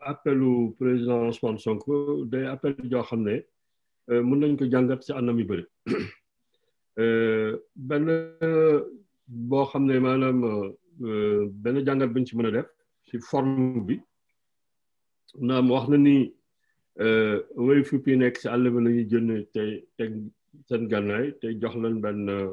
appelu président Ousmane Sonko day appel joo xam ne euh, mun nañ ko jàngat ci anam mi bëri euh, benn boo xam ne maanaam euh, benn jàngat buñ ci mën a def ci forme bi naam wax na ni way fuppi nekk ci àll bi la ñuy jënd te teg seen gànnaay te jox lañ benn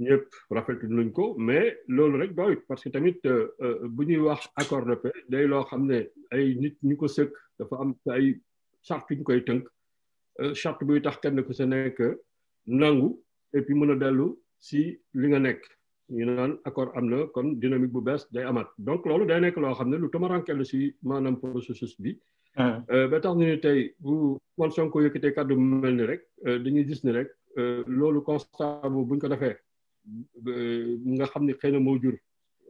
ñëpp rafetlu nañ ko mais loolu rek doyut parce que tamit euh, euh, bu ñuy wax accord de paix day loo xam ne ay nit ñu ko sëkk dafa am ay charte ñu koy tënk euh, charte buy tax kenn ku sa nekk nangu et puis mën a dellu si li nga nekk ñu naan accord am na kon dynamique bu bees day amaat donc loolu day nekk loo xam ne lu tamarankel si maanaam processus bi ah. ba tax ñu ne tey bu man Sonko yëkkatee kàddu mu mel ni rek dañuy gis ni rek loolu constat bu buñ ko defee Euh, nga xamni xeyna mo jur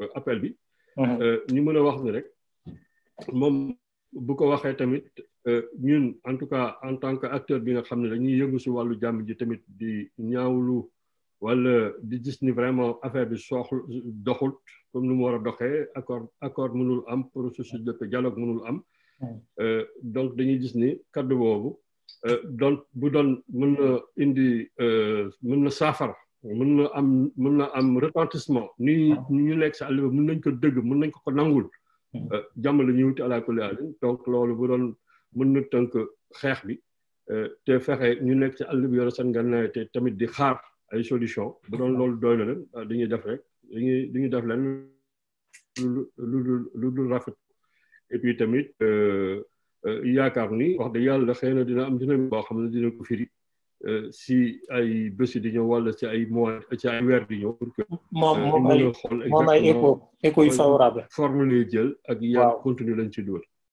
euh, appel bi euh, ñu mëna wax ni rek mom bu ko waxee tamit ñun en tout cas en tant que acteur bi nga xamni dañuy yëngu ci walu jamm ji tamit di ñaawlu wala di gis ni vraiment affaire bi soxl doxul comme nu mu war accord accord mënul am processus de dialogue mënul am donc dañuy gis ni kaddu boobu don bu don mën na indi mën na safar mën na am mën na am retentissement ni ñu ah. nekk si àll bi mën nañ ko dëgg mën nañ ko ko nangul hmm. euh, jàmm ñu ñuy wuti àla kulaalin donc loolu bu doon mën na tënk xeex bi euh, te fexe ñu nekk ci àll bi yore seen gànnaay te tamit di xaar ay solution bu doon loolu doy na leen ah, dañuy def rek dañuy ñu def leen lu lu lu rafet et puis tamit euh, yaakaar ni wax dëgg yàlla xëy na dina am dina boo xam ne dina ko firi Euh, si ay bés yi ñëw wala ci ay mois ci ay weer di ñëw pour que. moom euh, moom ay forme lay jël ak yan contenu lañ ci dugal.